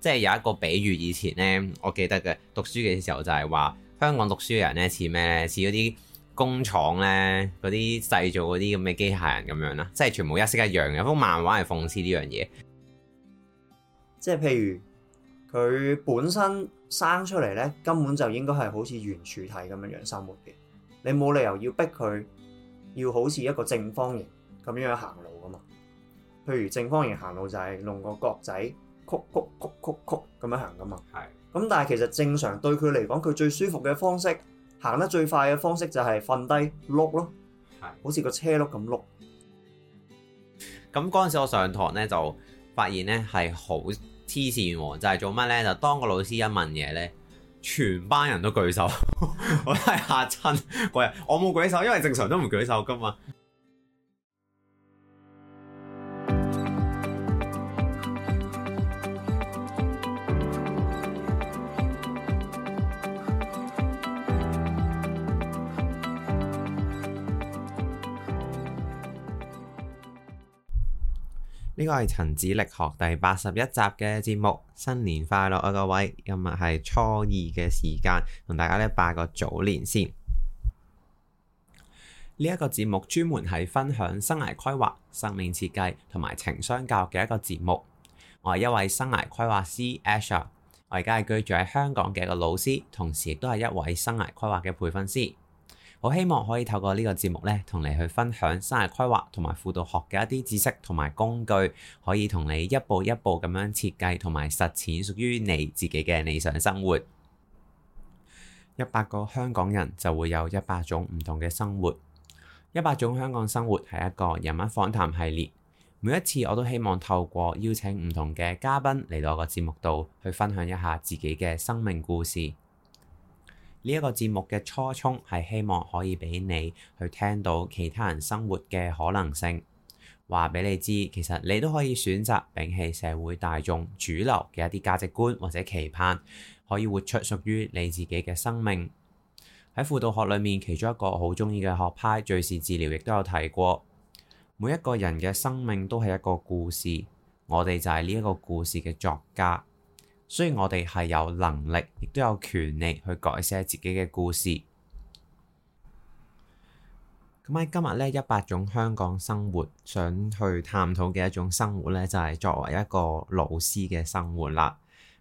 即係有一個比喻，以前呢，我記得嘅讀書嘅時候就係話，香港讀書嘅人呢，似咩呢？似嗰啲工廠呢，嗰啲製造嗰啲咁嘅機械人咁樣啦，即係全部一式一樣嘅。幅漫畫係諷刺呢樣嘢，即係譬如佢本身生出嚟呢，根本就應該係好似圓柱體咁樣樣生活嘅，你冇理由要逼佢要好似一個正方形咁樣行路㗎嘛。譬如正方形行路就係弄個角仔。曲曲曲曲曲咁樣行噶嘛？係的。咁但係其實正常對佢嚟講，佢最舒服嘅方式，行得最快嘅方式就係瞓低碌咯。係的。好似個車碌咁碌。咁嗰陣時我上堂咧就發現咧係好黐線，就係、是、做乜咧就當個老師一問嘢咧，全班人都舉手， 我真係吓親嗰日，我冇舉手，因為正常都唔舉手噶嘛。呢個係陳子力學第八十一集嘅節目，新年快樂啊，各位，今日係初二嘅時間，同大家咧拜個早年先。呢一個節目專門係分享生涯規劃、生命設計同埋情商教育嘅一個節目。我係一位生涯規劃師 Ash，我而家係居住喺香港嘅一個老師，同時亦都係一位生涯規劃嘅培訓師。我希望可以透過呢個節目咧，同你去分享生涯規劃同埋輔導學嘅一啲知識同埋工具，可以同你一步一步咁樣設計同埋實踐屬於你自己嘅理想生活。一百個香港人就會有一百種唔同嘅生活，一百種香港生活係一個人物訪談系列。每一次我都希望透過邀請唔同嘅嘉賓嚟到我個節目度去分享一下自己嘅生命故事。呢一個節目嘅初衷係希望可以俾你去聽到其他人生活嘅可能性，話俾你知，其實你都可以選擇摒棄社會大眾主流嘅一啲價值觀或者期盼，可以活出屬於你自己嘅生命。喺輔導學裏面，其中一個好鍾意嘅學派——敘事治療，亦都有提過，每一個人嘅生命都係一個故事，我哋就係呢一個故事嘅作家。所以我哋係有能力，亦都有權力去改寫自己嘅故事。咁喺今日呢，一百種香港生活，想去探討嘅一種生活呢就係作為一個老師嘅生活啦。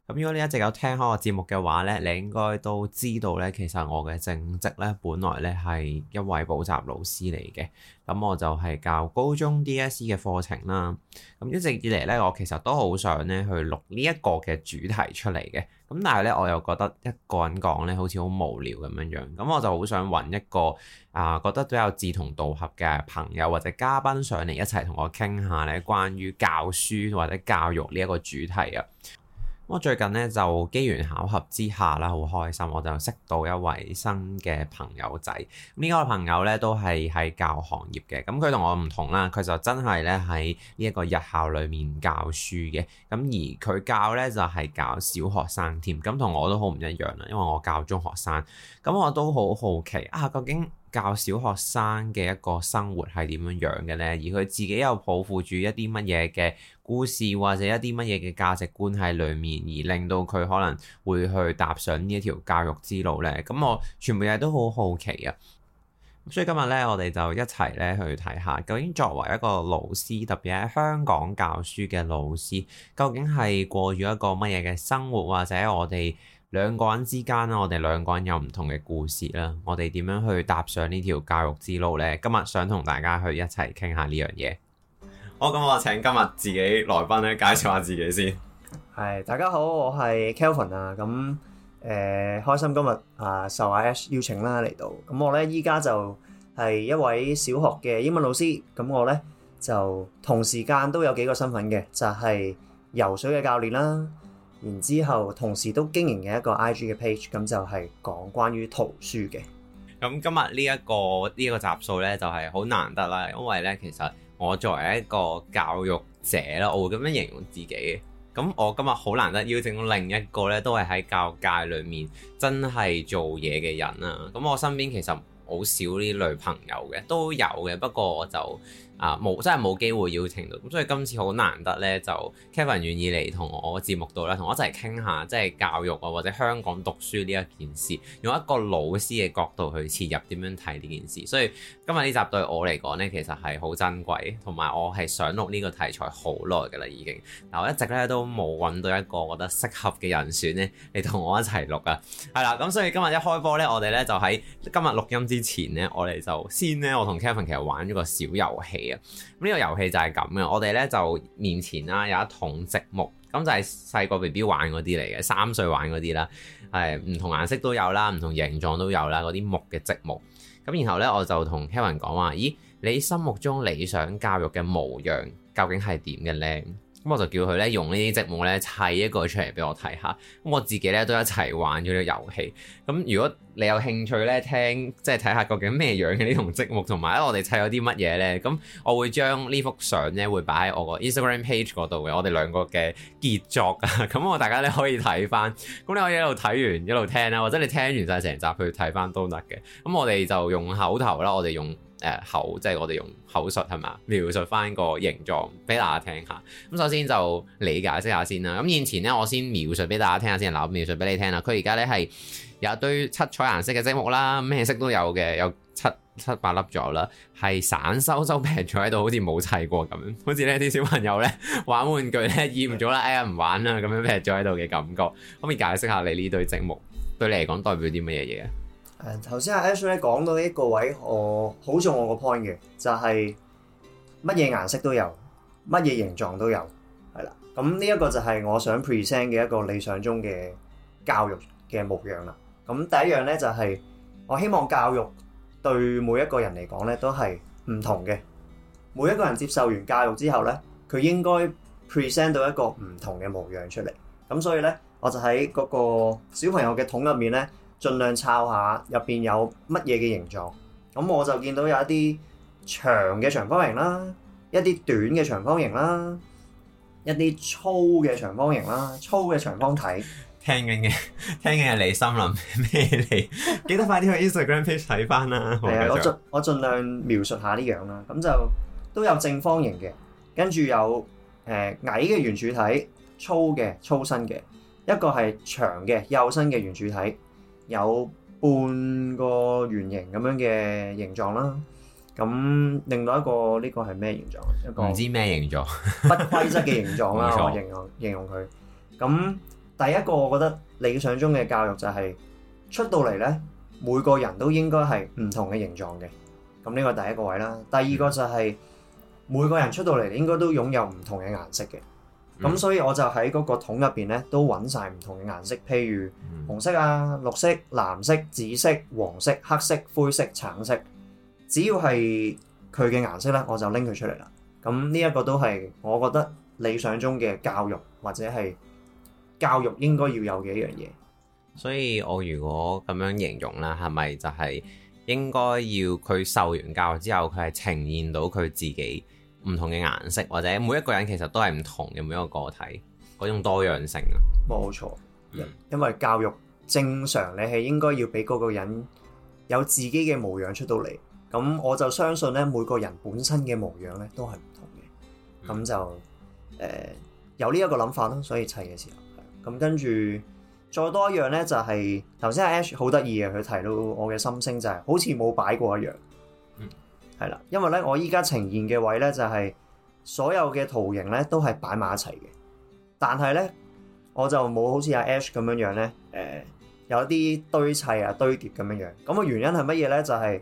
咁如果你一直有聽開我節目嘅話咧，你應該都知道咧，其實我嘅正職咧本來咧係一位補習老師嚟嘅。咁我就係教高中 DSE 嘅課程啦。咁一直以嚟咧，我其實都好想咧去錄呢一個嘅主題出嚟嘅。咁但係咧，我又覺得一個人講咧好似好無聊咁樣樣。咁我就好想揾一個啊，覺得比較志同道合嘅朋友或者嘉賓上嚟一齊同我傾下咧，關於教書或者教育呢一個主題啊。我最近咧就機緣巧合之下啦，好開心，我就識到一位新嘅朋友仔。呢個朋友咧都係喺教行業嘅，咁佢同我唔同啦，佢就真係咧喺呢一個日校裏面教書嘅。咁而佢教咧就係、是、教小學生添，咁同我都好唔一樣啦，因為我教中學生。咁我都好好奇啊，究竟教小學生嘅一個生活係點樣樣嘅咧？而佢自己又抱負住一啲乜嘢嘅故事或者一啲乜嘢嘅價值觀喺裏面，而令到佢可能會去踏上呢一條教育之路呢。咁我全部嘢都好好奇啊！所以今日呢，我哋就一齊咧去睇下，究竟作為一個老師，特別喺香港教書嘅老師，究竟係過住一個乜嘢嘅生活，或者我哋兩個人之間，我哋兩個人有唔同嘅故事啦。我哋點樣去踏上呢條教育之路呢？今日想同大家去一齊傾下呢樣嘢。好，咁、oh, 我請今日自己來賓咧介紹下自己先。係，大家好，我係 Kevlin 啊。咁誒、呃，開心今日啊受阿、啊、Ash 邀請啦嚟到。咁我咧依家就係一位小學嘅英文老師。咁我咧就同時間都有幾個身份嘅，就係、是、游水嘅教練啦、啊。然之後同時都經營嘅一個 IG 嘅 page，咁就係講關於圖書嘅。咁今日呢、這、一個呢、這個集數咧就係、是、好難得啦，因為咧其實。我作為一個教育者啦，我會咁樣形容自己嘅。咁我今日好難得邀請到另一個咧，都係喺教育界裡面真係做嘢嘅人啦。咁我身邊其實好少呢類朋友嘅，都有嘅，不過我就。啊，冇真係冇機會邀請到，咁所以今次好難得呢，就 Kevlin 願意嚟同我個節目度咧，同我一齊傾下，即係教育啊或者香港讀書呢一件事，用一個老師嘅角度去切入點樣睇呢件事，所以今日呢集對我嚟講呢，其實係好珍貴，同埋我係想錄呢個題材好耐㗎啦已經。嗱我一直咧都冇揾到一個我覺得適合嘅人選呢嚟同我一齊錄啊，係啦，咁所以今日一開波呢，我哋呢就喺今日錄音之前呢，我哋就先呢，我同 Kevlin 其實玩咗個小遊戲。呢個遊戲就係咁嘅，我哋呢就面前啦有一桶積木。咁就係細個 B B 玩嗰啲嚟嘅，三歲玩嗰啲啦，誒唔同顏色都有啦，唔同形狀都有啦，嗰啲木嘅積木。咁然後呢，我就同 Kevlin 講話：「咦，你心目中理想教育嘅模樣究竟係點嘅呢？」咁我就叫佢咧用呢啲積木咧砌一個出嚟俾我睇下。咁我自己咧都一齊玩咗個遊戲。咁如果你有興趣咧聽，即係睇下究竟咩樣嘅呢種積木，同埋咧我哋砌咗啲乜嘢咧。咁我會將呢幅相咧會擺喺我個 Instagram page 嗰度嘅，我哋兩個嘅傑作啊。咁 我大家咧可以睇翻。咁你可以一路睇完一路聽啦，或者你聽完晒成集去睇翻都得嘅。咁我哋就用口頭啦，我哋用。誒、呃、口即係我哋用口述係嘛，描述翻個形狀俾大家聽下。咁首先就你解釋下先啦。咁現前咧，我先描述俾大家聽下先，嗱，我描述俾你聽啦。佢而家咧係有一堆七彩顏色嘅積木啦，咩色都有嘅，有七七八粒左右，係散收收劈咗喺度，好似冇砌過咁，好似呢啲小朋友咧玩玩具咧厭唔咗啦，哎呀唔玩啦咁樣劈咗喺度嘅感覺。可唔可以解釋下你呢堆積木對你嚟講代表啲乜嘢嘢啊？誒，頭先阿 Ashley 講到一個位，我好中我個 point 嘅，就係乜嘢顏色都有，乜嘢形狀都有，係啦。咁呢一個就係我想 present 嘅一個理想中嘅教育嘅模樣啦。咁第一樣呢，就係我希望教育對每一個人嚟講呢都係唔同嘅，每一個人接受完教育之後呢，佢應該 present 到一個唔同嘅模樣出嚟。咁所以呢，我就喺嗰個小朋友嘅桶入面呢。盡量抄下入邊有乜嘢嘅形狀。咁我就見到有一啲長嘅長方形啦，一啲短嘅長方形啦，一啲粗嘅長方形啦，粗嘅長方體。 聽緊嘅，聽緊嘅李心林咩嚟？記得快啲去 Instagram page 睇返啦。係啊，我盡我盡量描述下呢樣啦。咁就都有正方形嘅，跟住有誒矮嘅圓柱體，粗嘅粗身嘅一個係長嘅幼身嘅圓柱體。有半個圓形咁樣嘅形狀啦，咁另外一個呢個係咩形狀？一個唔知咩形狀， 不規則嘅形狀啦，錯我形容形容佢。咁第一個我覺得理想中嘅教育就係、是、出到嚟呢，每個人都應該係唔同嘅形狀嘅。咁呢個第一個位啦，第二個就係、是嗯、每個人出到嚟應該都擁有唔同嘅顏色嘅。咁所以我就喺嗰個桶入邊咧，都揾晒唔同嘅顏色，譬如紅色啊、綠色、藍色、紫色、黃色、黑色、灰色、橙色，只要係佢嘅顏色咧，我就拎佢出嚟啦。咁呢一個都係我覺得理想中嘅教育，或者係教育應該要有嘅一樣嘢。所以我如果咁樣形容啦，係咪就係應該要佢受完教育之後，佢係呈現到佢自己？唔同嘅顏色，或者每一個人其實都係唔同嘅，每一個個體嗰種多樣性啊，冇錯。因、嗯、因為教育正常你係應該要俾嗰個人有自己嘅模樣出到嚟。咁我就相信咧，每個人本身嘅模樣咧都係唔同嘅。咁就誒、嗯、呃、有呢一個諗法咯。所以砌嘅時候，咁跟住再多一樣呢、就是，就係頭先阿 H 好得意嘅佢提到我嘅心聲就係、是、好似冇擺過一樣。係啦，因為咧，我依家呈現嘅位咧就係、是、所有嘅圖形咧都係擺埋一齊嘅。但係咧，我就冇好似阿 Ash 咁樣樣咧，誒、呃、有啲堆砌啊、堆疊咁樣樣。咁、嗯、嘅原因係乜嘢咧？就係、是、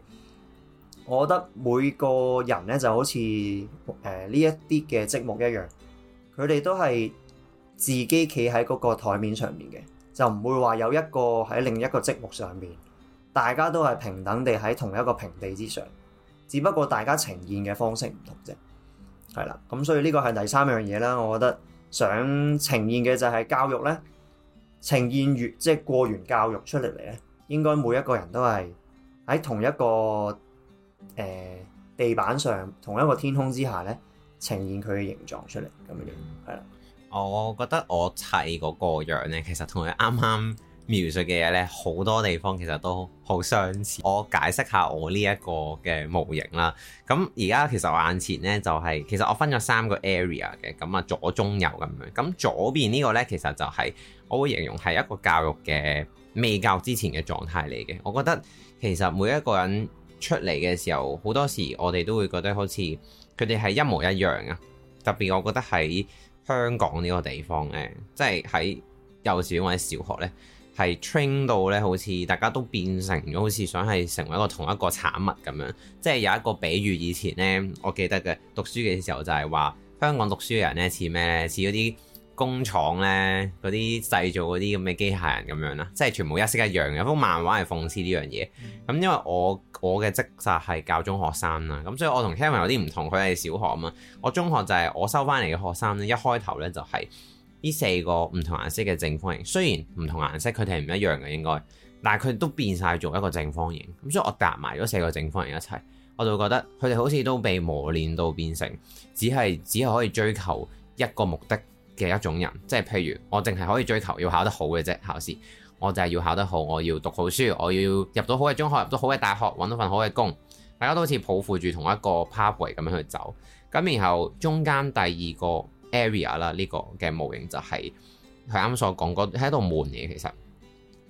我覺得每個人咧就好似誒呢一啲嘅積木一樣，佢哋都係自己企喺嗰個台面上面嘅，就唔會話有一個喺另一個積木上面，大家都係平等地喺同一個平地之上。只不過大家呈現嘅方式唔同啫，係啦，咁所以呢個係第三樣嘢啦。我覺得想呈現嘅就係教育咧，呈現完即係過完教育出嚟嚟咧，應該每一個人都係喺同一個誒、呃、地板上，同一個天空之下咧，呈現佢嘅形狀出嚟咁樣，係啦。我覺得我砌嗰個樣咧，其實同佢啱啱描述嘅嘢呢，好多地方其實都好相似。我解釋下我呢一個嘅模型啦。咁而家其實我眼前呢，就係，其實我分咗三個 area 嘅，咁啊左中右咁樣。咁左邊呢個呢，其實就係，我會形容係一個教育嘅未教之前嘅狀態嚟嘅。我覺得其實每一個人出嚟嘅時候，好多時我哋都會覺得好似佢哋係一模一樣啊。特別我覺得喺香港呢個地方呢，即係喺幼稚園或者小學呢。係 train 到咧，好似大家都變成咗，好似想係成為一個同一個產物咁樣。即係有一個比喻，以前咧，我記得嘅讀書嘅時候就係話，香港讀書嘅人咧似咩？似嗰啲工廠咧，嗰啲製造嗰啲咁嘅機械人咁樣啦。即係全部一式一樣。有幅漫畫係諷刺呢樣嘢。咁、嗯、因為我我嘅職責係教中學生啦，咁所以我同 Kevlin 有啲唔同。佢係小學啊嘛，我中學就係我收翻嚟嘅學生咧，一開頭咧就係、是。呢四個唔同顏色嘅正方形，雖然唔同顏色，佢哋唔一樣嘅應該，但係佢都變晒做一個正方形。咁所以我夾埋咗四個正方形一齊，我就覺得佢哋好似都被磨練到變成只，只係只係可以追求一個目的嘅一種人。即係譬如我淨係可以追求要考得好嘅啫，考試我就係要考得好，我要讀好書，我要入到好嘅中學，入到好嘅大學，揾到份好嘅工。大家都好似抱負住同一個 pathway 咁樣去走。咁然後中間第二個 area 啦，呢個嘅模型就係佢啱所講嗰道門嘅，其實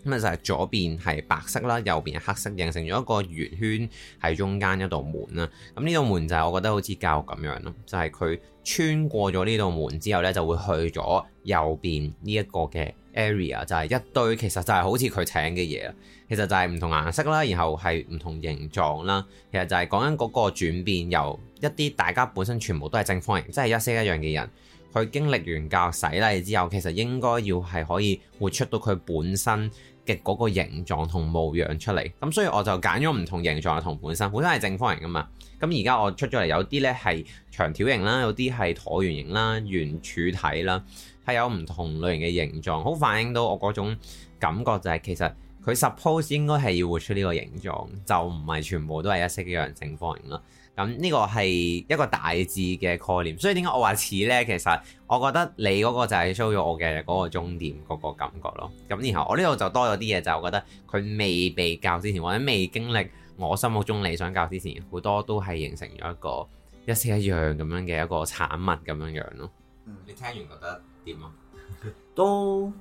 咁就係左邊係白色啦，右邊係黑色，形成咗一個圓圈喺中間一道門啦。咁呢道門就係我覺得好似教育咁樣咯，就係、是、佢穿過咗呢道門之後咧，就會去咗右邊呢一個嘅 area，就係一堆其實就係好似佢砌嘅嘢啦，其實就係唔同顏色啦，然後係唔同形狀啦，其實就係講緊嗰個轉變，由一啲大家本身全部都係正方形，即、就、係、是、一色一樣嘅人。佢經歷完教育洗禮之後，其實應該要係可以活出到佢本身嘅嗰個形狀同模樣出嚟。咁所以我就揀咗唔同形狀同本身，本身係正方形噶嘛。咁而家我出咗嚟有啲呢係長條形啦，有啲係橢圓形啦、圓柱體啦，係有唔同類型嘅形狀，好反映到我嗰種感覺就係、是、其實佢 suppose 應該係要活出呢個形狀，就唔係全部都係一式一樣正方形啦。咁呢個係一個大致嘅概念，所以點解我話似呢？其實我覺得你嗰個就係 show 咗我嘅嗰個終點嗰個感覺咯。咁然後我呢度就多咗啲嘢，就係、我覺得佢未被教之前，或者未經歷我心目中理想教之前，好多都係形成咗一個一式一樣咁樣嘅一個產物咁樣樣咯、嗯。你聽完覺得點啊？ 都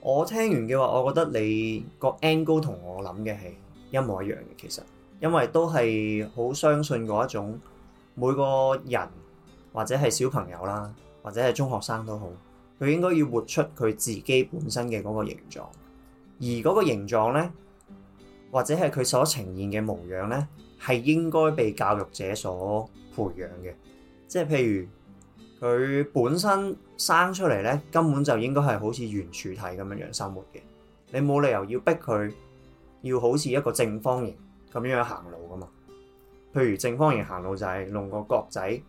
我聽完嘅話，我覺得你個 angle 同我諗嘅係一模一樣嘅，其實。因為都係好相信嗰一種，每個人或者係小朋友啦，或者係中學生都好，佢應該要活出佢自己本身嘅嗰個形狀，而嗰個形狀呢，或者係佢所呈現嘅模樣呢，係應該被教育者所培養嘅。即係譬如佢本身生出嚟呢，根本就應該係好似圓柱體咁樣樣生活嘅，你冇理由要逼佢要好似一個正方形。咁樣行路噶嘛？譬如正方形行路就係弄個角仔曲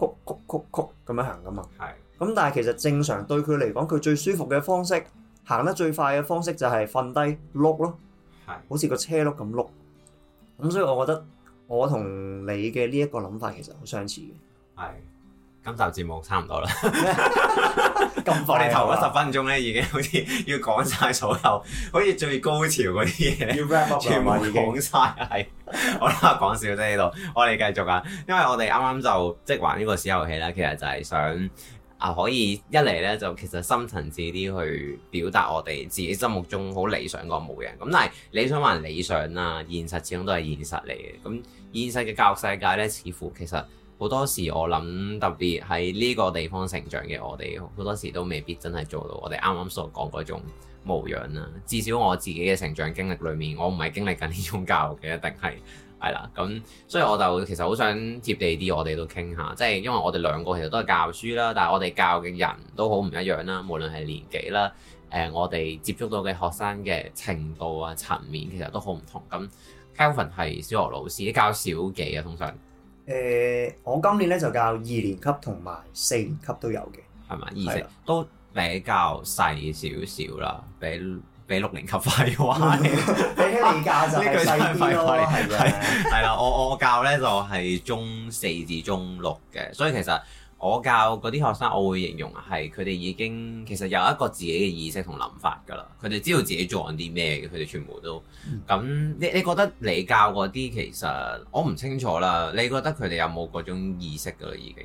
曲曲曲曲咁樣行噶嘛。係的。咁但係其實正常對佢嚟講，佢最舒服嘅方式，行得最快嘅方式就係瞓低碌咯。係的。好似個車碌咁碌。咁所以我覺得我同你嘅呢一個諗法其實好相似嘅。係。今集節目差唔多啦。 咁快、啊！我哋頭嗰十分鐘咧，已經好似要講晒所有，好似最高潮嗰啲嘢，要 wrap 全部講晒？係嗎。好啦，講笑啫呢度，我哋繼續啊。因為我哋啱啱就即係、就是、玩呢個小遊戲啦，其實就係想啊，可以一嚟咧就其實深層次啲去表達我哋自己心目中好理想個模型。咁但係理想還理想啦、啊，現實始終都係現實嚟嘅。咁現實嘅教育世界咧，似乎其實好多時我諗，特別喺呢個地方成長嘅我哋，好多時都未必真係做到我哋啱啱所講嗰種模樣啦。至少我自己嘅成長經歷裏面，我唔係經歷緊呢種教育嘅，一定係係啦。咁所以我就其實好想貼地啲，我哋都傾下，即係因為我哋兩個其實都係教書啦，但係我哋教嘅人都好唔一樣啦。無論係年紀啦，誒，我哋接觸到嘅學生嘅程度啊、層面，其實都好唔同。咁 Kevlin 係小學老師，教小幾啊？通常？誒、欸，我今年咧就教二年級同埋四年級都有嘅，係咪？二的都比較細少少啦，比比六年級快啲， 比年教就係細啲咯。係啊 的， 我我教咧就係、是、中四至中六嘅，所以其實。我教嗰啲學生，我會形容係佢哋已經其實有一個自己嘅意識同諗法噶啦，佢哋知道自己做緊啲咩嘅，佢哋全部都咁。你你覺得你教嗰啲其實我唔清楚啦。你覺得佢哋有冇嗰種意識噶啦？已經，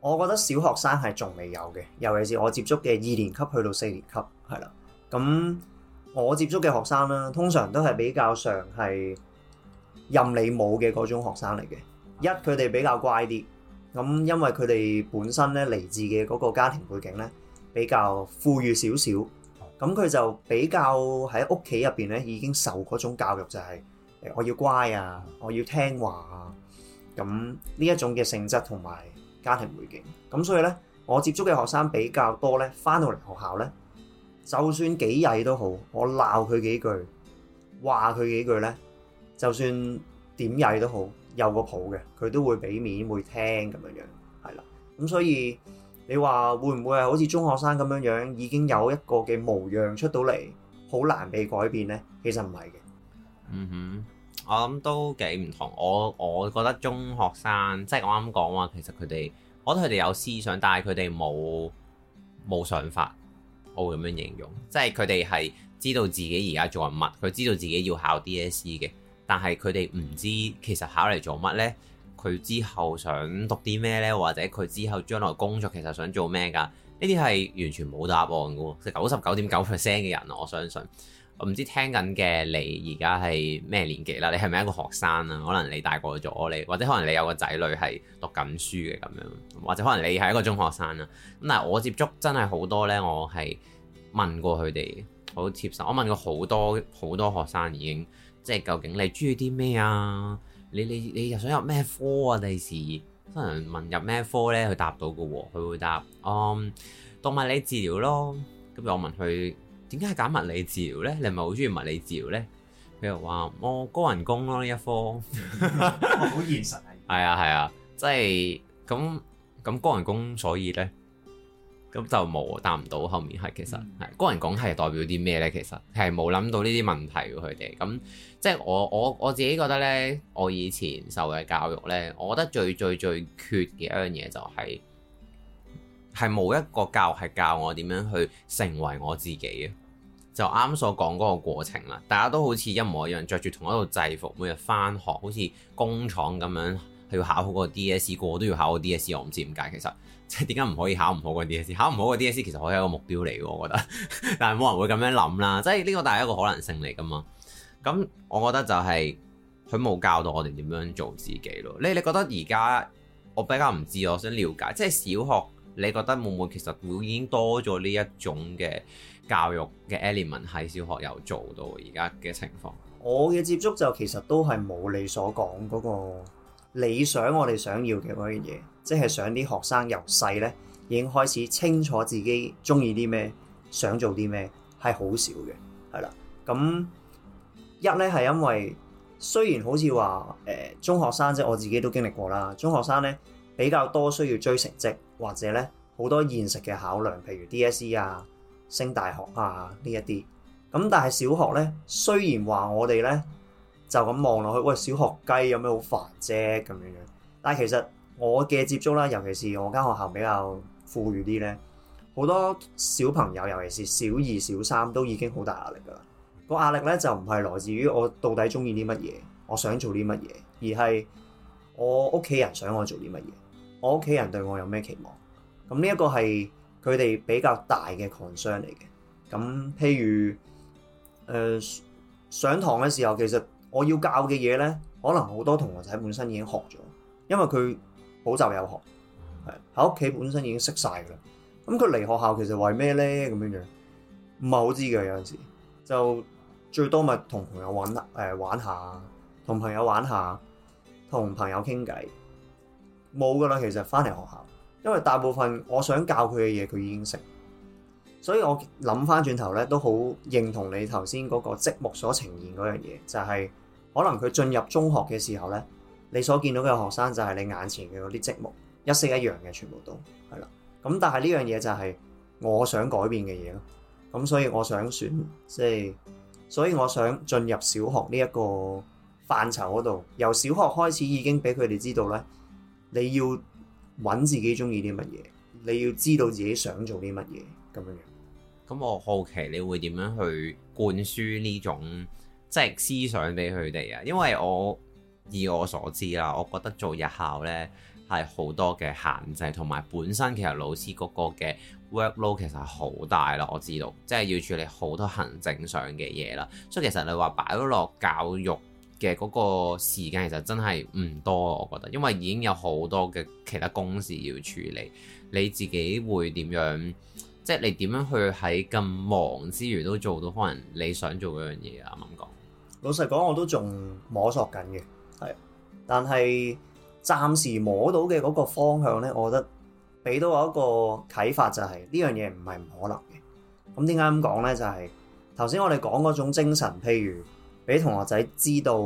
我覺得小學生係仲未有嘅，尤其是我接觸嘅二年級去到四年級，係啦。咁我接觸嘅學生啦，通常都係比較上係任你冇嘅嗰種學生嚟嘅，一佢哋比較乖啲，咁因為佢哋本身咧嚟自嘅嗰個家庭背景咧比較富裕少少，咁佢就比較喺屋企入邊咧已經受嗰種教育就係我要乖啊，我要聽話啊，咁呢一種嘅性質同埋家庭背景，咁所以咧我接觸嘅學生比較多咧，返到嚟學校咧，就算幾曳都好，我鬧佢幾句，話佢幾句咧，就算點曳都好，有個譜嘅，佢都會俾面，會聽咁樣樣，係啦。咁所以你話會唔會係好似中學生咁樣樣，已經有一個嘅模樣出到嚟，好難被改變呢？其實唔係嘅。嗯哼，我諗都幾唔同。我我覺得中學生即係我啱講話，其實佢哋，我覺得佢哋有思想，但係佢哋冇冇想法。我會咁樣形容，即係佢哋係知道自己而家做緊乜，佢知道自己要考 DSE 嘅。但係佢哋唔知，其實考嚟做乜呢？佢之後想讀啲咩呢？或者佢之後將來工作其實想做咩噶？呢啲係完全冇答案噶。九十九點九 percent 嘅人、啊，我相信，唔知聽緊嘅你而家係咩年紀啦？你係咪一個學生啊？可能你大個咗，你或者可能你有個仔女係讀緊書嘅咁樣，或者可能你係一個中學生啦、啊。咁但係我接觸真係好多呢。我係問過佢哋好接受。我問過好多好多學生已經。即係究竟你中意啲咩啊？你你你又想入咩科啊？第時可能問入咩科咧，佢答到嘅喎，佢會答：哦、嗯，物理治療咯。咁我問佢點解係揀物理治療咧？你係咪好中意物理治療咧？佢又話：我高人工咯呢一科， 好現實係。啊係 啊，即係咁咁高人工，所以咧。咁就冇答唔到，後面係其實係個人講係代表啲咩呢？其實係冇諗到呢啲問題。佢哋咁即係我我我自己覺得呢，我以前受嘅教育呢，我覺得最最最缺嘅一樣嘢就係係冇一個教係教我點樣去成為我自己啊！就啱所講嗰個過程啦，大家都好似一模一樣着住同一套制服，每日返學好似工廠咁樣，係要考好個 DSE，個個都要考好個 DSE，我唔知點解其實。即係點解唔可以考唔好嗰啲嘢？考唔好嗰啲嘢，其實可以係一個目標嚟嘅，我覺得。但係冇人會咁樣諗啦，即係呢個但係一個可能性嚟噶嘛。咁我覺得就係佢冇教到我哋點樣做自己咯。你你覺得而家我比較唔知，我想了解，即係小學你覺得會唔會其實會已經多咗呢一種嘅教育嘅 element 喺小學有做到而家嘅情況？我嘅接觸就其實都係冇你所講嗰個。理想我哋想要嘅嗰樣嘢，即係想啲學生由細呢已經開始清楚自己中意啲咩，想做啲咩，係好少嘅，係啦。咁一呢係因為雖然好似話誒中學生即我自己都經歷過啦，中學生呢比較多需要追成績，或者呢好多現實嘅考量，譬如 DSE 啊、升大學啊呢一啲。咁但係小學呢，雖然話我哋呢。就咁望落去，喂，小學雞有咩好煩啫咁樣樣。但係其實我嘅接觸啦，尤其是我間學校比較富裕啲咧，好多小朋友，尤其是小二、小三，都已經好大壓力噶啦。個壓力咧就唔係來自於我到底中意啲乜嘢，我想做啲乜嘢，而係我屋企人想我做啲乜嘢，我屋企人對我有咩期望。咁呢一個係佢哋比較大嘅 concern 嚟嘅。咁譬如誒、呃、上堂嘅時候，其實我要教嘅嘢呢，可能好多同學仔本身已經學咗，因為佢補習有學，喺屋企本身已經識晒噶啦。咁佢嚟學校其實為咩呢？咁樣樣唔係好知嘅。有陣時就最多咪同朋友玩誒玩下，同朋友玩下，同朋友傾偈冇噶啦。其實翻嚟學校，因為大部分我想教佢嘅嘢，佢已經識。所以我諗翻轉頭咧，都好認同你頭先嗰個積木所呈現嗰樣嘢，就係可能佢進入中學嘅時候呢，你所見到嘅學生就係你眼前嘅嗰啲積木一式一樣嘅，全部都係啦。咁但係呢樣嘢就係我想改變嘅嘢咯。咁所以我想選即係，所以我想進入小學呢一個範疇嗰度，由小學開始已經俾佢哋知道呢，你要揾自己中意啲乜嘢，你要知道自己想做啲乜嘢。咁樣，咁我好奇你會點樣去灌輸呢種即係思想俾佢哋啊？因為我以我所知啦，我覺得做日校呢係好多嘅限制，同埋本身其實老師嗰個嘅 workload 其實好大啦。我知道即係、就是、要處理好多行政上嘅嘢啦，所以其實你話擺咗落教育嘅嗰個時間，其實真係唔多。我覺得，因為已經有好多嘅其他公事要處理，你自己會點樣？即係你點樣去喺咁忙之馀都做到可能你想做嗰樣嘢？啊？啱唔啱講？老實講，我都仲摸索緊嘅，係，但係暫時摸到嘅嗰個方向咧，我覺得俾到我一個啟發就係、是、呢樣嘢唔係唔可能嘅。咁點解咁講咧？就係頭先我哋講嗰種精神，譬如俾同學仔知道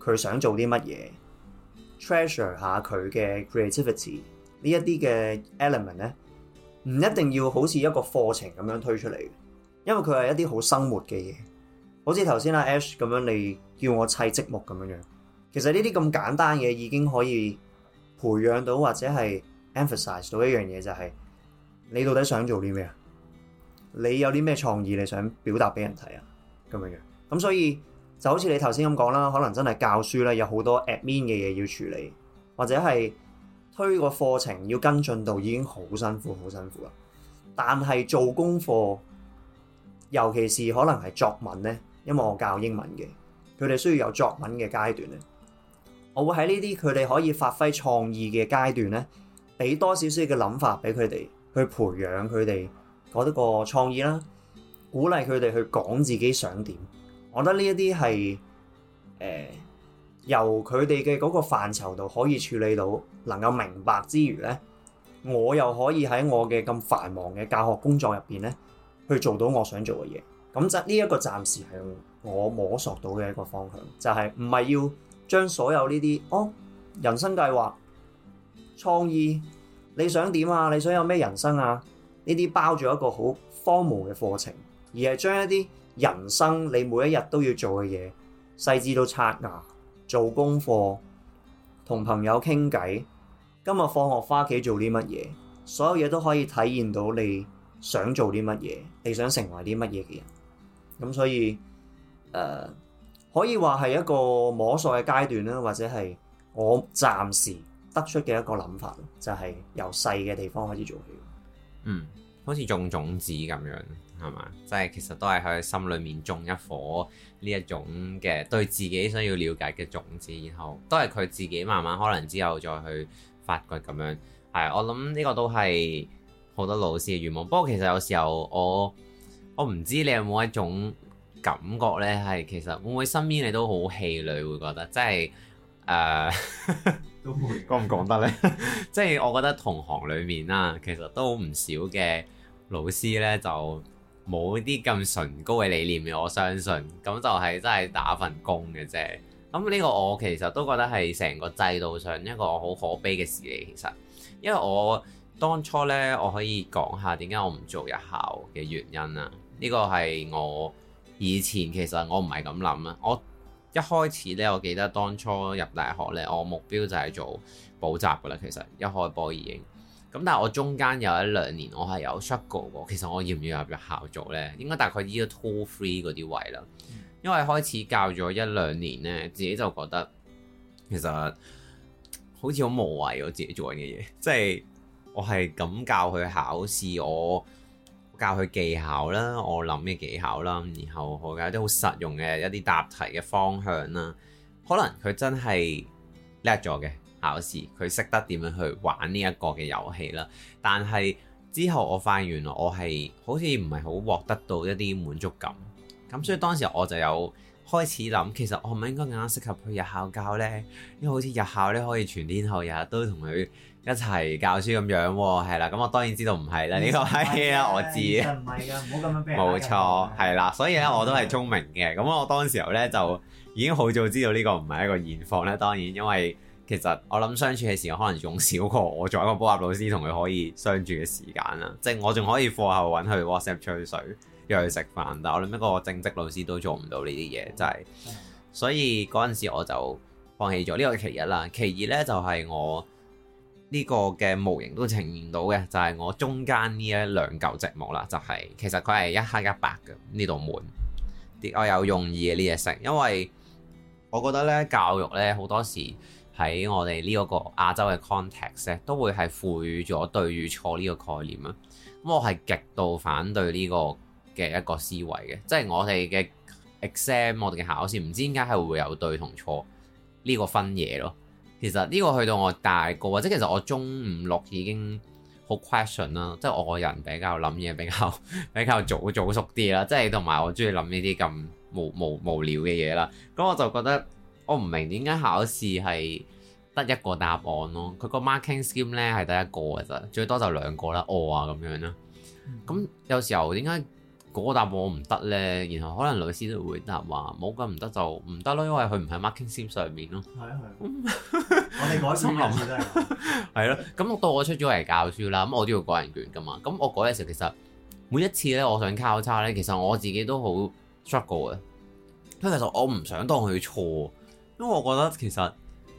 佢想做啲乜嘢，treasure 下佢嘅 creativity 呢一啲嘅 element 咧。唔一定要好似一個課程咁樣推出嚟，因為佢係一啲好生活嘅嘢，好似頭先阿 Ash 咁樣，你叫我砌積木咁樣樣，其實呢啲咁簡單嘢已經可以培養到或者係 emphasize 到一樣嘢，就係，就係你到底想做啲咩？你有啲咩創意你想表達俾人睇啊？咁樣樣，咁所以就好似你頭先咁講啦，可能真係教書啦，有好多 admin 嘅嘢要處理，或者係。推個課程要跟進到已經好辛苦，好辛苦啦。但係做功課，尤其是可能係作文呢，因為我教英文嘅，佢哋需要有作文嘅階段咧。我會喺呢啲佢哋可以發揮創意嘅階段咧，俾多少少嘅諗法俾佢哋去培養佢哋嗰一個創意啦，鼓勵佢哋去講自己想點。我覺得呢一啲係誒由佢哋嘅嗰個範疇度可以處理到。能夠明白之餘呢，我又可以喺我嘅咁繁忙嘅教學工作入邊呢，去做到我想做嘅嘢。咁就呢一個暫時係我摸索到嘅一個方向，就係唔係要將所有呢啲哦人生計劃、創意，你想點啊？你想有咩人生啊？呢啲包住一個好荒蕪嘅課程，而係將一啲人生你每一日都要做嘅嘢，細緻到刷牙、做功課、同朋友傾偈。今日放學翻屋企做啲乜嘢？所有嘢都可以體現到你想做啲乜嘢，你想成為啲乜嘢嘅人。咁所以誒、呃，可以話係一個摸索嘅階段啦，或者係我暫時得出嘅一個諗法，就係、是、由細嘅地方開始做起。嗯，好似種種子咁樣，係嘛？即、就、係、是、其實都係喺心裏面種一顆呢一種嘅對自己想要了解嘅種子，然後都係佢自己慢慢可能之後再去。發掘咁樣，係我諗呢個都係好多老師嘅願望。不過其實有時候我我唔知你有冇一種感覺呢？係其實會唔會身邊你都好氣餒，會覺得即係誒，呃、 都會講唔講得呢。 即係我覺得同行裏面啦，其實都唔少嘅老師呢，就冇啲咁崇高嘅理念。我相信咁就係真係打份工嘅啫。咁呢個我其實都覺得係成個制度上一個好可悲嘅事嚟，其實，因為我當初呢，我可以講下點解我唔做日校嘅原因啦。呢個係我以前其實我唔係咁諗啦。我一開始呢，我記得當初入大學呢，我目標就係做補習噶啦，其實一開波已經。咁但係我中間有一兩年我係有 struggle 過其實我要唔要入入校做呢，應該大概依家 two three 嗰啲位啦。因為開始教咗一兩年呢，自己就覺得其實好似好無謂，我自己做緊嘅嘢。即係我係咁教佢考試，我教佢技巧啦，我諗嘅技巧啦，然後我教啲好實用嘅一啲答題嘅方向啦。可能佢真係叻咗嘅考試，佢識得點樣去玩呢一個嘅遊戲啦。但係之後我發現，我係好似唔係好獲得到一啲滿足感。咁所以當時我就有開始諗，其實我係咪應該更加適合去日校教呢？因為好似日校咧可以全天候，日日都同佢一齊教書咁樣喎、啊。係啦，咁我當然知道唔係啦，呢個係啊，我知。其實唔係啊，唔好咁樣俾人。冇錯，係啦，所以呢，我都係聰明嘅。咁我當時候呢，就已經好早知道呢個唔係一個現況呢。當然，因為其實我諗相處嘅時間可能仲少過我作為一個補習老師同佢可以相處嘅時間啦。即係我仲可以課後揾佢 WhatsApp 吹水。約去食飯，但我諗一個正職老師都做唔到呢啲嘢，真係，就係。所以嗰陣時我就放棄咗呢個其一啦。其二呢，就係我呢個嘅模型都呈現到嘅，就係我中間呢一兩嚿積木啦，就係其實佢係一黑一白嘅呢度門。我有用意嘅呢隻色，因為我覺得呢教育呢好多時喺我哋呢個亞洲嘅 context 呢，都會係賦予咗對與錯呢個概念啦。咁我係極度反對呢個。嘅一個思維嘅，即係我哋嘅 exam，我哋嘅考試，唔知點解係會有對同錯呢個分野咯。其實呢個去到我大個，或者其實我中五六已經好 question 啦，即係我個人比較諗嘢比較比較早早熟啲啦，即係同埋我中意諗呢啲咁無無無聊嘅嘢啦。咁我就覺得我唔明點解考試係得一個答案咯，佢個 marking scheme 咧係得一個嘅咋，最多就兩個啦，哦啊咁樣啦。咁有時候點解？我答我唔得咧，然後可能老師都會答話冇，咁唔得就唔得咯，因為佢唔係 marking scheme 上面咯。係啊係啊，啊 我哋改心諗嘅真係。係咯、 啊，咁到我出咗嚟教書啦，咁我都要改人卷噶嘛。咁我改嘅時候其實每一次咧，我想交叉咧，其實我自己都好 struggle 嘅。因為其實我唔想當佢錯，因為我覺得其實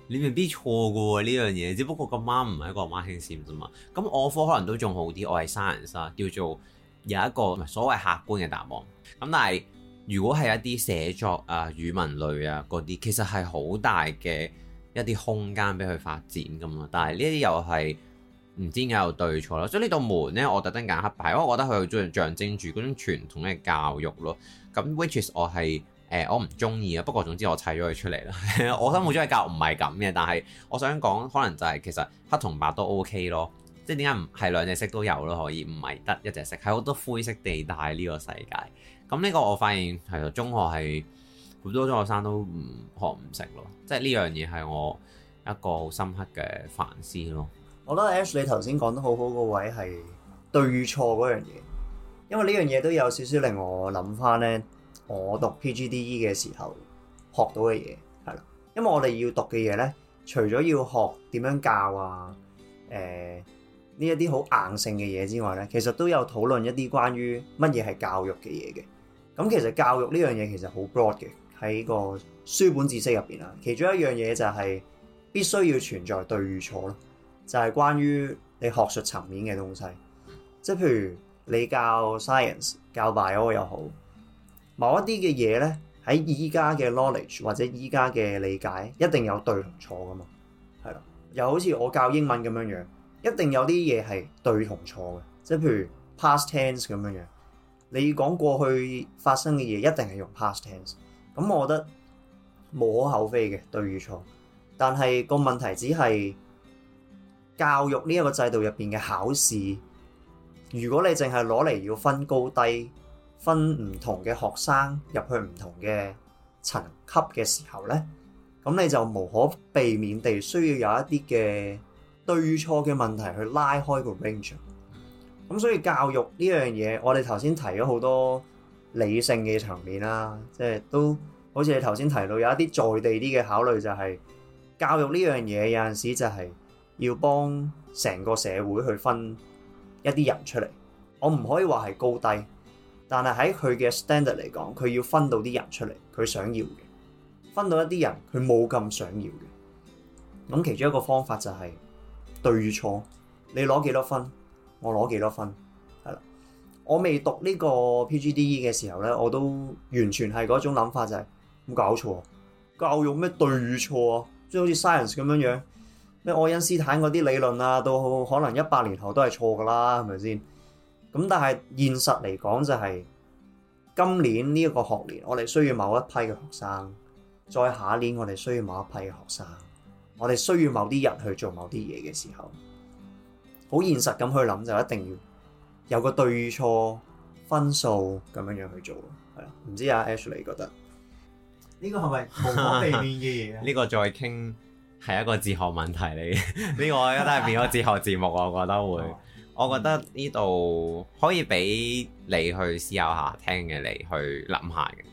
你未必錯嘅喎呢樣嘢，只不過咁啱唔係一個 marking scheme 啫嘛。咁我科可能都仲好啲，我係 science 啊，叫做。有一個所謂客觀嘅答案，咁但係如果係一啲寫作啊、語文類啊嗰啲，其實係好大嘅一啲空間俾佢發展咁咯。但係呢啲又係唔知點解有對錯咯。所以呢道門咧，我特登揀黑白，因為我覺得佢最象徵住嗰種傳統嘅教育咯。咁 which is 我係誒、呃、我唔中意啊，不過總之我砌咗佢出嚟啦。 我心目中嘅教育唔係咁嘅，但係我想講可能就係、是、其實黑同白都 OK 咯。即係點解唔係兩隻色都有咯？可以唔係得一隻色，係好多灰色地帶呢個世界。咁呢個我發現係中學係好多中學生都唔學唔識咯。即係呢樣嘢係我一個好深刻嘅反思咯。我覺得 Ash 你頭先講得好好個位係對與錯嗰樣嘢，因為呢樣嘢都有少少令我諗翻咧。我讀 PGDE 嘅時候學到嘅嘢係啦，因為我哋要讀嘅嘢咧，除咗要學點樣教啊，誒、呃，呢一啲好硬性嘅嘢之外呢，其實都有討論一啲關於乜嘢係教育嘅嘢嘅。咁其實教育呢樣嘢其實好 broad 嘅，喺個書本知識入邊啊。其中一樣嘢就係必須要存在對與錯咯，就係關於你學術層面嘅東西。即係譬如你教 science、教 bio 又好，某一啲嘅嘢呢，喺依家嘅 knowledge 或者依家嘅理解，一定有對同錯噶嘛。係又好似我教英文咁樣樣。一定有啲嘢係對同錯嘅，即係譬如 past tense 咁樣樣，你講過去發生嘅嘢一定係用 past tense。咁我覺得無可厚非嘅對與錯。但係個問題只係教育呢一個制度入邊嘅考試，如果你淨係攞嚟要分高低、分唔同嘅學生入去唔同嘅層級嘅時候咧，咁你就無可避免地需要有一啲嘅。對錯嘅問題去拉開個 range，咁所以教育呢樣嘢，我哋頭先提咗好多理性嘅層面啦、啊，即、就、係、是、都好似你頭先提到有一啲在地啲嘅考慮、就是，就係教育呢樣嘢有陣時就係要幫成個社會去分一啲人出嚟。我唔可以話係高低，但係喺佢嘅 standard 嚟講，佢要分到啲人出嚟，佢想要嘅分到一啲人，佢冇咁想要嘅。咁其中一個方法就係、是。對與錯，你攞幾多分，我攞幾多分，係啦。我未讀呢個 PGDE 嘅時候呢，我都完全係嗰種諗法、就係，就係冇搞錯，教育咩對與錯？即係好似 science 咁樣樣，咩愛因斯坦嗰啲理論啊，都可能一百年後都係錯噶啦，係咪先？咁但係現實嚟講就係、係，今年呢一個學年，我哋需要某一批嘅學生，再下年我哋需要某一批嘅學生。我哋需要某啲人去做某啲嘢嘅時候，好現實咁去諗就一定要有個對錯分數咁樣樣去做，係啦。唔知阿、啊、Ashley 覺得呢個係咪無可避免嘅嘢？呢 個再傾係一個哲學問題嚟，呢個一間變咗哲學節目， 我覺得會， 我覺得呢度可以俾你，你去思考下，聽嘅你去諗下嘅。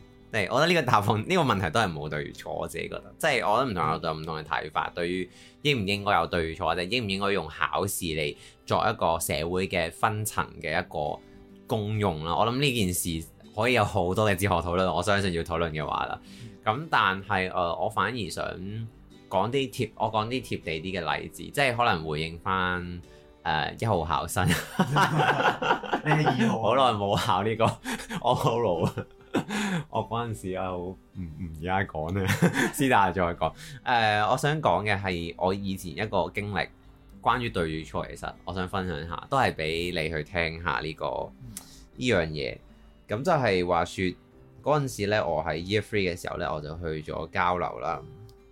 我覺得呢個答案，呢、這個問題都係冇對錯，我自己覺得。即係我覺得唔同人有唔同嘅睇法，對於應唔應該有對錯，或者應唔應該用考試嚟作一個社會嘅分層嘅一個公用啦。我諗呢件事可以有好多嘅哲學討論，我相信要討論嘅話啦。咁但係誒，uh, 我反而想講啲貼，我講啲貼地啲嘅例子，即係可能回應翻誒、uh, 一號考生。 你好耐冇考呢、這個，我好老 我嗰陣時又唔唔而家講咧，私下 再講。誒、uh,，我想講嘅係我以前一個經歷，關於對與錯。其實我想分享一下，都係俾你去聽下呢、這個呢樣嘢。咁就係話說嗰陣時呢，我喺 year three 嘅時候呢，我就去咗交流啦。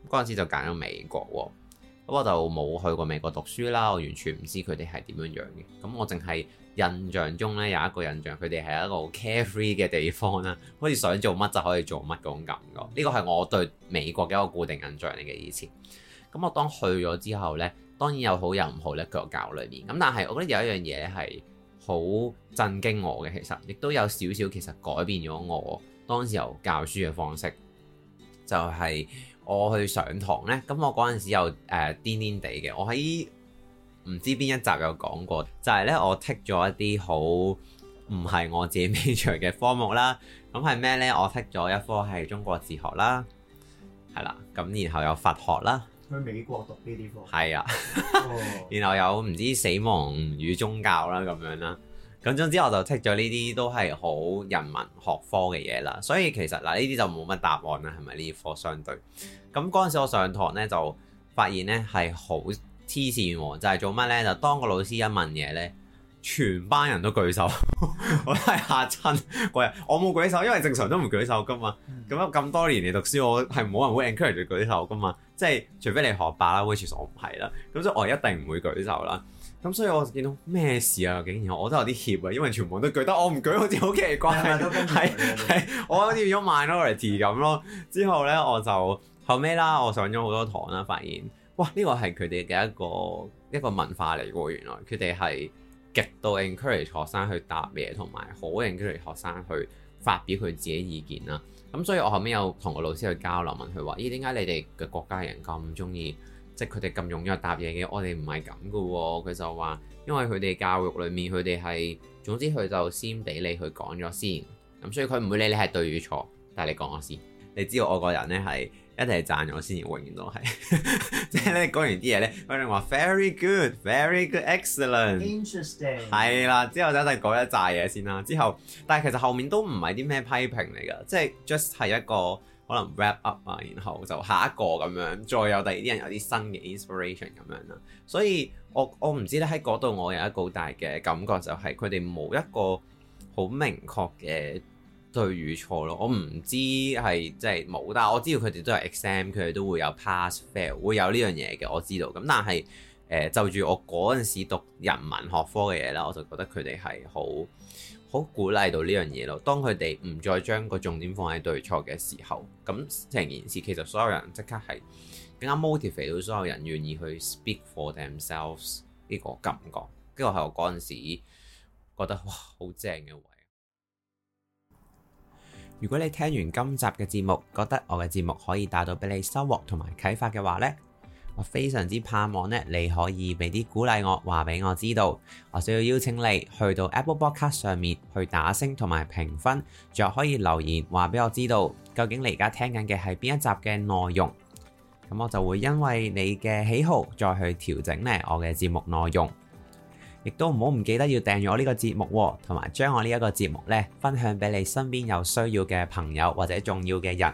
嗰陣時就揀咗美國，喔，咁我就冇去過美國讀書啦。我完全唔知佢哋係點樣樣嘅。咁我淨係。印象中咧，有一個印象，佢哋係一個好 carefree 嘅地方啦，好似想做乜就可以做乜嗰種感覺。呢個係我對美國嘅一個固定印象嚟嘅以前。咁我當去咗之後呢，當然有好有唔好咧，個教裏面。咁但係我覺得有一樣嘢係好震驚我嘅，其實亦都有少少其實改變咗我當時候教書嘅方式。就係、是、我去上堂呢。咁我嗰陣時又誒、呃、癲癲地嘅，我喺。唔知邊一集有講過，就係、是、咧我剔咗一啲好唔係我自己興趣嘅科目啦。咁係咩咧？我剔咗一科係中國哲學啦，係啦。咁然後有佛學啦，去美國讀呢啲科。係啊的，哦、 然後有唔知死亡與宗教啦咁樣啦。咁總之我就剔咗呢啲都係好人文學科嘅嘢啦。所以其實嗱，呢啲就冇乜答案啦，係咪呢科相對？咁嗰陣時我上堂咧就發現咧係好。黐線喎，就係做乜呢？就當個老師一問嘢呢，全班人都舉手， 我都係嚇親。我冇舉手，因為正常都唔舉手噶嘛。咁樣咁多年嚟讀書，我係冇人會 encourage 你舉手噶嘛。即係除非你學霸啦 which 我唔係啦。咁所以，我一定唔會舉手啦。咁所以我見到咩事啊？竟然我,我都有啲怯啊，因為全部人都舉得，我唔舉好似好奇怪。係係，我好似咗 minority 咁吧咯。之後呢，我就後尾啦，我上咗好多堂啦，發現。哇！呢個係佢哋嘅一個一個文化嚟喎，原來佢哋係極度 encourage 學生去答嘢，同埋好 encourage 學生去發表佢自己意見啦。咁所以我後面又同個老師去交流問，問佢話：咦、欸，點解你哋嘅國家人咁中意，即係佢哋咁勇於答嘢嘅？我哋唔係咁噶喎。佢就話：因為佢哋教育裡面，佢哋係總之佢就先俾你去講咗先。咁所以佢唔會理你係對與錯，但係你講咗先。你知道我個人呢係。一定係讚咗先，永遠都係。即係咧講完啲嘢咧，可能話 very good，very good，excellent，interesting。係啦 Interesting.，之後就一陣講一紮嘢先啦。之後，但係其實後面都唔係啲咩批評嚟噶，即係 just 係一個可能 wrap up 啊，然後就下一個咁樣，再有第二啲人有啲新嘅 inspiration 咁樣啦。所以我我唔知咧喺嗰度，我有一個好大嘅感覺就係佢哋冇一個好明確嘅。對與錯咯，我唔知係即係冇，但係我知道佢哋都係 exam，佢哋都會有 pass fail，會有呢樣嘢嘅，我知道。咁但係誒、呃、就住我嗰陣時讀人文學科嘅嘢啦，我就覺得佢哋係好好鼓勵到呢樣嘢咯。當佢哋唔再將個重點放喺對錯嘅時候，咁成件事其實所有人即刻係更加 motivate 到所有人願意去 speak for themselves 呢個感覺，跟住係我嗰陣時覺得哇好正嘅位。如果你聽完今集嘅節目，覺得我嘅節目可以帶到俾你收穫同埋啟發嘅話呢，我非常之盼望咧，你可以俾啲鼓勵我，話俾我知道。我需要邀請你去到 Apple Podcast 上面去打星同埋評分，仲可以留言話俾我知道，究竟你而家聽緊嘅係邊一集嘅內容。咁我就會因為你嘅喜好再去調整咧我嘅節目內容。亦都唔好唔記得要訂閱我呢個節目，同埋將我呢一個節目呢分享俾你身邊有需要嘅朋友或者重要嘅人。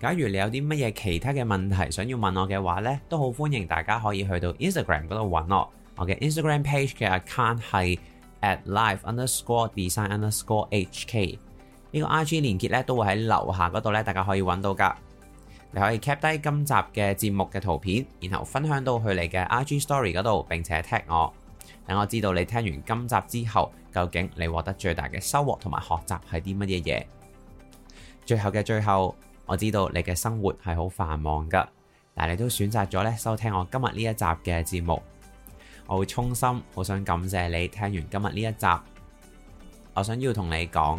假如你有啲乜嘢其他嘅問題想要問我嘅話呢，都好歡迎大家可以去到 Instagram 嗰度揾我，我嘅 Instagram page 嘅 account 係 at life underscore design underscore hk。呢個 IG 連結呢都會喺樓下嗰度呢，大家可以揾到噶。你可以 cap 低今集嘅節目嘅圖片，然後分享到去你嘅 IG story 嗰度，並且 tag 我，等我知道你聽完今集之後，究竟你獲得最大嘅收穫同埋學習係啲乜嘢嘢？最後嘅最後，我知道你嘅生活係好繁忙噶，但係你都選擇咗咧收聽我今日呢一集嘅節目，我會衷心好想感謝你聽完今日呢一集。我想要同你講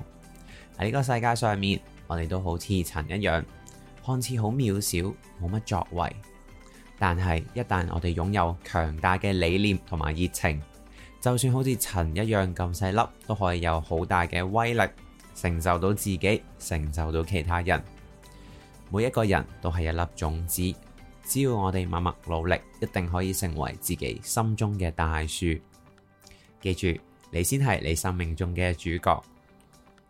喺呢個世界上面，我哋都好似塵一樣。看似好渺小，冇乜作為，但係一旦我哋擁有強大嘅理念同埋熱情，就算好似塵一樣咁細粒，都可以有好大嘅威力，成就到自己，成就到其他人。每一個人都係一粒種子，只要我哋默默努力，一定可以成為自己心中嘅大樹。記住，你先係你生命中嘅主角。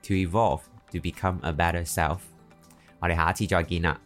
To evolve, to become a better self. 我哋下次再見啦。